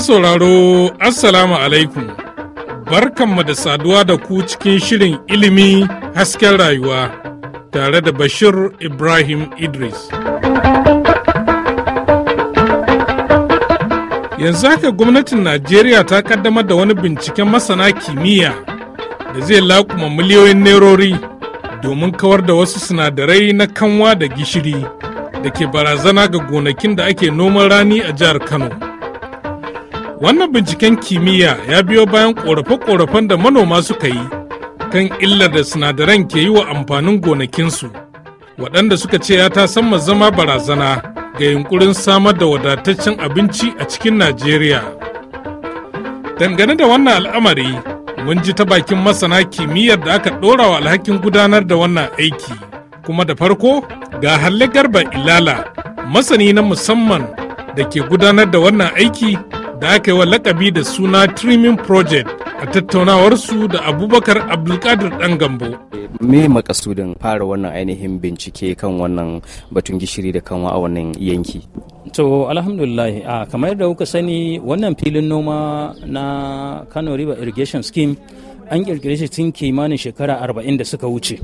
sauraro Assalamu alaikum, barkanmu da saduwa da ku cikin shirin ilimi hasken rayuwa tare da Bashir Ibrahim Idris. Yanzu haka gwamnatin Najeriya ta kaddamar da wani binciken masana kimiyya da zai lakuma miliyoyin nerori domin kawar da wasu sinadarai na kanwa da gishiri da ke barazana ga gonakin da ake noman rani a jihar Kano. wannan binciken kimiyya ya biyo bayan korafe-korafen da manoma suka yi kan illar da sinadaran ke yi wa amfanin gonakinsu waɗanda suka ce ya ta sama zama barazana ga yunkurin samar da wadataccen abinci a cikin najeriya dangane da wannan al'amari mun ji ta bakin masana kimiyyar da aka ɗora wa alhakin gudanar da wannan aiki kuma da farko ga halle garba ilala masani na musamman da ke gudanar da wannan aiki da aka yi wa lakabi da suna trimming project a tattaunawarsu da abubakar abdulkadir dan gambo me makasudin fara wannan ainihin bincike kan wannan batun gishiri da kanwa a wannan yanki to alhamdulillah a kamar yadda kuka sani wannan filin noma na kano river irrigation scheme an kirkire shi tun kimanin shekara arba'in da suka wuce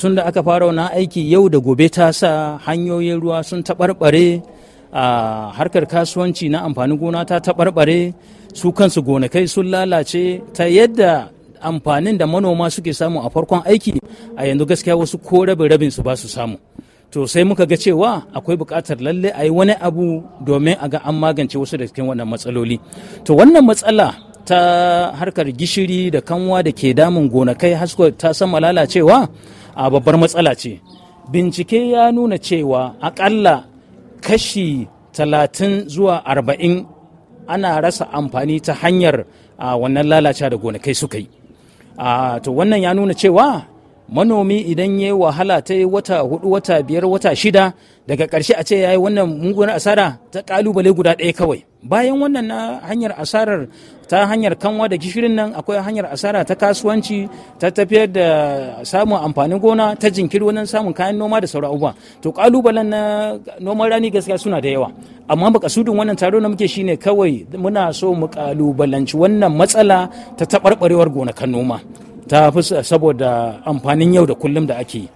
tun da aka fara wani aiki yau da gobe ta sa hanyoyin ruwa sun taɓarɓare A harkar kasuwanci na amfanin gona ta taɓarɓare su kansu gonakai sun lalace ta yadda amfanin da manoma suke samu a farkon aiki a yanzu gaskiya wasu ko rabin rabin su ba su samu to sai muka ga cewa akwai bukatar lalle a yi wani abu domin a ga an magance wasu da cikin wannan matsaloli to wannan matsala ta harkar gishiri da kanwa da ke damun gonakai hasko ta sama lalacewa a babbar matsala ce bincike ya nuna cewa akalla kashi talatin zuwa arba'in ana rasa amfani ta hanyar wannan lalacewa da gonakai suka yi to wannan ya nuna cewa manomi idan ya yi wahala ta yi wata hudu wata biyar wata shida daga ƙarshe a ce ya yi wannan mugunar asara ta kalubale guda ɗaya kawai bayan wannan na hanyar asarar ta hanyar kanwa da gishirin nan akwai hanyar asara ta kasuwanci ta tafiyar da samun amfanin gona ta jinkiri wannan samun kayan noma da sauran abubuwa to kalubalen na noman rani gaskiya suna da yawa amma kasudin wannan taro na muke shine kawai muna so mu ƙalubalanci wannan matsala ta taɓarɓarewar gonakan noma ta fi saboda amfanin yau da kullum da ake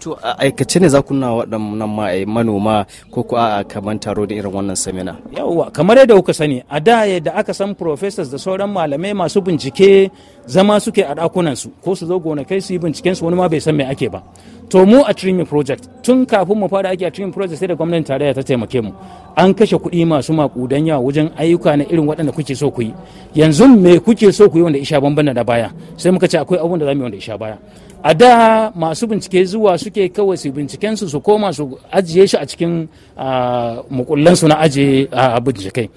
to aikace ne za ku na waɗannan eh, manoma ko ku a kamar taro da irin wannan samina yawwa kamar yadda kuka sani a da yadda aka san professors da sauran malamai masu bincike zama suke a su ko su zo gonakai su yi binciken su wani ma bai san me ake ba to mu a trimi project tun kafin mu fara aiki a Trinity project sai da gwamnatin tarayya ta taimake mu an kashe kuɗi masu makudan yawa wajen ayyuka na irin waɗanda kuke so ku yi yanzu me kuke so ku yi wanda isha bambana da baya sai muka ce akwai abubuwan da zamu yi wanda isha baya a da masu bincike zuwa suke kawai su binciken su su koma su ajiye shi a cikin mukullan su na ajiye bincike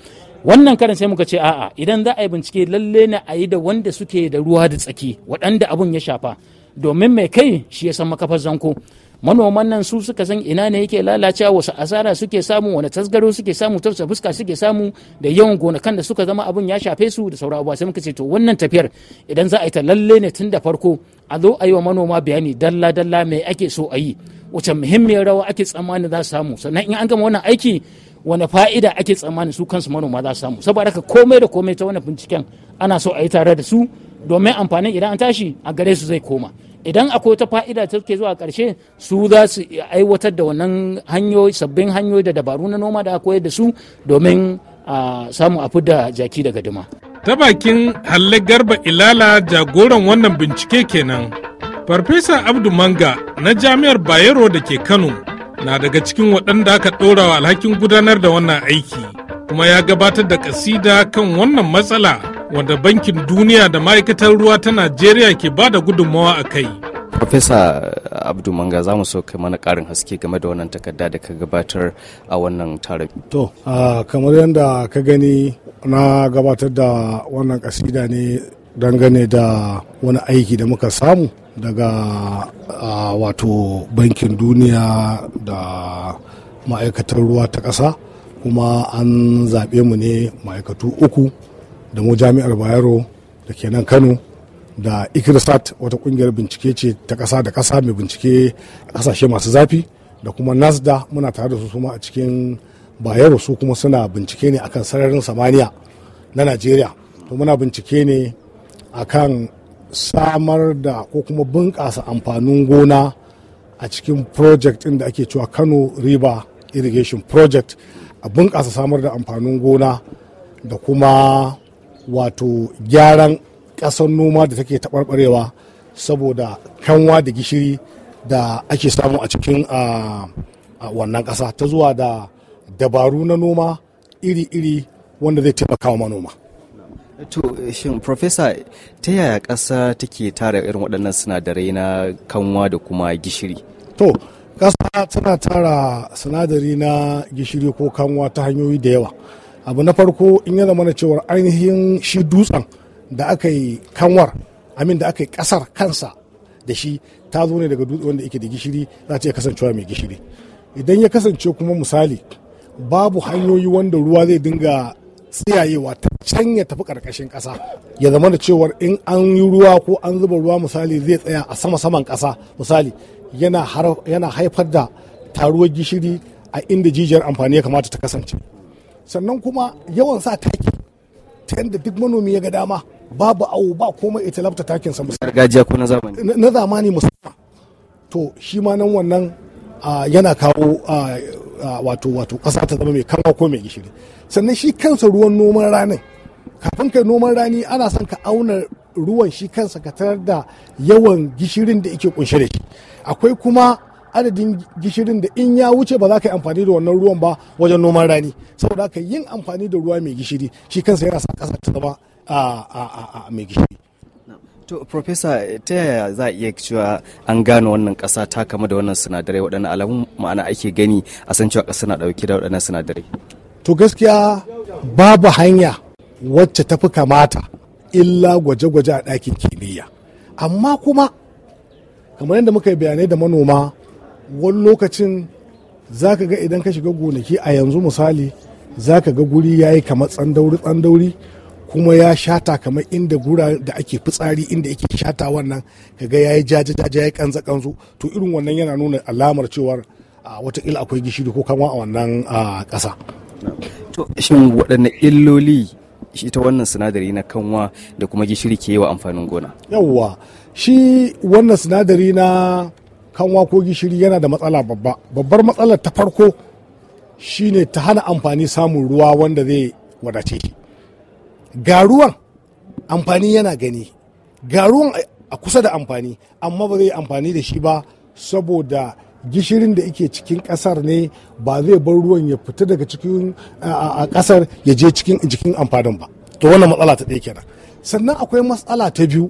wannan karin sai muka ce a'a idan za a yi bincike lalle na a yi da wanda suke da ruwa da tsaki waɗanda abun ya shafa domin mai kai shi ya san makafar zanko manoman nan su suka san ina ne yake lalacewa wasu asara suke samu wani tasgaro suke samu tafsa fuska suke samu da yawan gonakan da suka zama abin ya shafe su da sauran abubuwa sai muka ce to wannan tafiyar idan za a yi ta lalle ne tun da farko a zo a yi wa manoma bayani dalla dalla me ake so a yi wace muhimmiyar rawa ake tsammani za su samu sannan in an gama wannan aiki wani fa'ida ake tsammani su kansu manoma za su samu saboda haka komai da komai ta wannan binciken ana so a yi tare da su domin amfanin idan an tashi a gare su zai koma idan akwai wata fa'ida ta ke zuwa ƙarshe su za su aiwatar da wannan hanyoyi sabbin hanyoyi da dabaru na noma da akwai da su domin a samu a da jaki daga dima ta bakin halle garba ilala jagoran wannan bincike kenan farfesa abdu manga na jami'ar bayero da ke kano na daga cikin waɗanda aka ɗora wa alhakin gudanar da wannan aiki kuma ya gabatar da kasida kan wannan matsala wanda bankin duniya da ma'aikatar ruwa ta najeriya ke ba da gudunmawa a kai Profesa Abdu Manga za mu so kai mana karin haske game da wannan takarda da ka gabatar a wannan taron. To, kamar yadda ka gani na gabatar da wannan kasida ne dangane da wani aiki da muka samu daga wato bankin duniya da ma'aikatar ruwa ta ƙasa kuma an zaɓe mu ne ma'aikatu uku da mu jami'ar bayero da kenan kano da ikirisat wata kungiyar bincike ce ta kasa da kasa mai bincike a kasashe masu zafi da kuma nasda muna tare da su suma a cikin bayero su kuma suna bincike ne akan sararin samaniya na najeriya to muna bincike ne akan samar da ko kuma bunƙasa amfanin gona a cikin project ɗin da ake cewa kano river irrigation project a bunƙasa samar da amfanin gona da kuma wato gyaran ƙasar noma da take taɓarɓarewa saboda kanwa da gishiri da ake samu a cikin wannan ƙasa ta zuwa da dabaru na noma iri-iri wanda zai taimaka wa manoma. To shin Profesa ta yaya ƙasa take tara irin waɗannan sinadarai na kanwa da kuma gishiri? To, ƙasa tana tara sinadari na gishiri ko kanwa ta hanyoyi da yawa. abu na farko in ya zama na cewar ainihin shi dutsen da aka yi kanwar amin da aka yi kasar kansa da shi ta zo ne daga dutse wanda yake da gishiri za ta iya kasancewa mai gishiri idan ya kasance kuma misali babu hanyoyi wanda ruwa zai dinga tsiyayewa ta can ya tafi karkashin kasa ya zama da cewar in an yi ruwa ko an zuba ruwa misali zai tsaya a sama saman kasa misali yana haifar da taruwar gishiri a inda jijiyar amfani ya kamata ta kasance sannan kuma yawan sa taki ta yadda duk manomi ya ga dama babu awo ba komai ita labta takin sa gargajiya ko na zamani na zamani musamman to shi ma nan wannan yana kawo wato wato ƙasa ta zama mai kama ko mai gishiri sannan shi kansa ruwan noman ranin kafin kai noman rani ana son ka auna ruwan shi kansa ka tarar da yawan gishirin da yake kunshe da shi akwai kuma adadin gishirin da in ya wuce ba za ka yi amfani da wannan ruwan ba wajen noman rani saboda haka yin amfani da ruwa mai gishiri shi kansa yana sa ƙasa ta zama mai gishiri to professor ta yaya za a iya cewa an gano wannan kasa ta kama da wannan sinadarai waɗannan alamun ma'ana ake gani a san cewa kasa na ɗauke da waɗannan sinadarai to gaskiya babu hanya wacce tafi kamata illa gwaje-gwaje a ɗakin kimiyya amma kuma kamar yadda muka yi bayanai da manoma wani lokacin za ka ga idan ka shiga gonaki a yanzu misali za ka ga guri ya yi kamar tsandauri tsandauri kuma ya shata kamar inda gura da ake fitsari inda yake shata wannan ka ga ya yi jajajaja ya kanza kanzu to irin wannan yana nuna alamar cewar watakila akwai gishiri ko kama a wannan ƙasa. to shin waɗanne illoli shi ta wannan sinadari na kanwa da kuma gishiri ke yi wa amfanin gona yawwa shi wannan sinadari na kanwa ko gishiri yana da matsala babba babbar matsalar ta farko shine ta hana amfani samun ruwa wanda zai wadace shi ga amfani yana gani ga a kusa da amfani amma ba zai amfani da shi ba saboda gishirin da ke cikin kasar ne ba zai bar ruwan ya fita daga cikin a kasar ya je cikin jikin amfanin ba to wannan matsala ta ɗaya kenan sannan akwai matsala ta biyu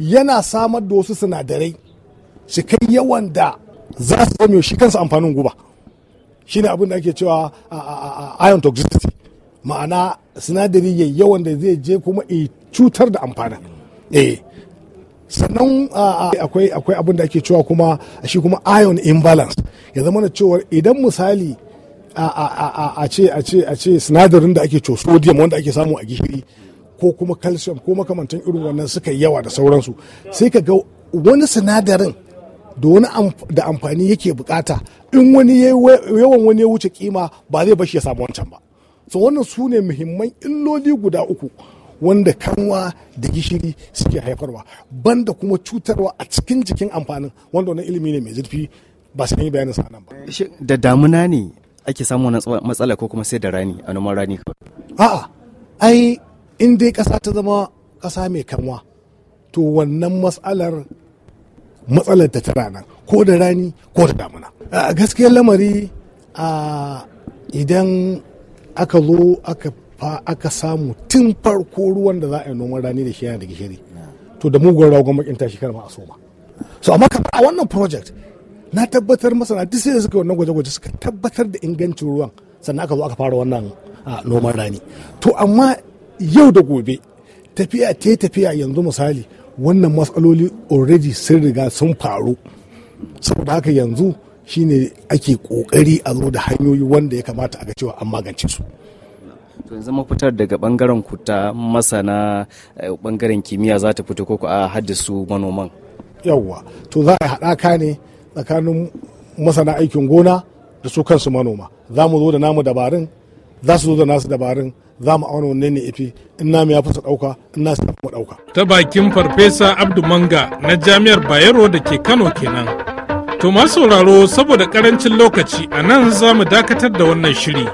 yana samar da wasu sinadarai su kai yawan da za su zame shi kansa amfanin guba ne abin da ake cewa iron toxicity ma'ana sinadari ya yawan da zai je kuma e cutar da amfanin eh. sannan akwai akwai abin da ake cewa kuma shi kuma iron imbalance ya zama na cewa idan misali a ce a ce a ce sinadarin da ake cewa sodium wanda ake samu a gishiri ko kuma calcium ko makamantan irin wannan suka yawa da sauransu sai ka ga wani sinadarin da wani da amfani yake bukata in wani yawan wani ya wuce kima ba zai bashi ya samu wancan ba so wannan su ne muhimman illoli guda uku wanda kanwa da gishiri suke haifarwa banda kuma cutarwa a cikin jikin amfanin wanda wannan ilimi ne mai zurfi ba su yi bayanin sa nan ba da damuna ne ake samun wannan matsala ko kuma sai da rani a noman rani a'a ai in dai kasa ta zama kasa mai kanwa to wannan matsalar matsalar da ta rana ko da rani ko da damuna a gaskiyar lamari a idan aka zo aka samu tun farko ruwan da za a yi noman rani da shi yana da gishiri to da mugun rawa gwamnatin ta shekara ma a soma so amma kamar a wannan project na tabbatar masana duk sai da suka wannan gwaje-gwaje suka tabbatar da ingancin ruwan sannan aka zo aka fara wannan noman rani to amma yau da gobe tafiya ta tafiya yanzu misali wannan matsaloli already sun riga sun faru saboda haka yanzu shine ake kokari a zo da hanyoyi wanda ya kamata a ga cewa an magance su to yanzu mafitar daga bangaren kuta masana eh, bangaren kimiyya za ta fito ko a haddasu manoman yawwa to za a haɗaka ne tsakanin masana aikin gona da su kansu manoma za mu zo da namu dabarun za su zo da nasu dabarun za mu auna wanne ne ifi in na ya fasa ɗauka in na mu ɗauka. ta bakin farfesa abdu manga na jami'ar bayero da ke kano kenan to masu sauraro saboda karancin lokaci a nan za mu dakatar da wannan shiri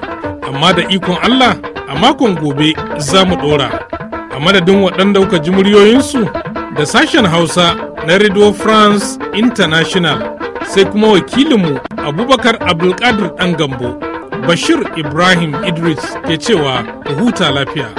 amma da ikon allah a makon gobe za mu ɗora a madadin waɗanda kuka ji muryoyinsu da sashen hausa na radio france international sai kuma wakilinmu abubakar abdulkadir ɗan gambo Bashir Ibrahim Idris ke cewa huta lafiya.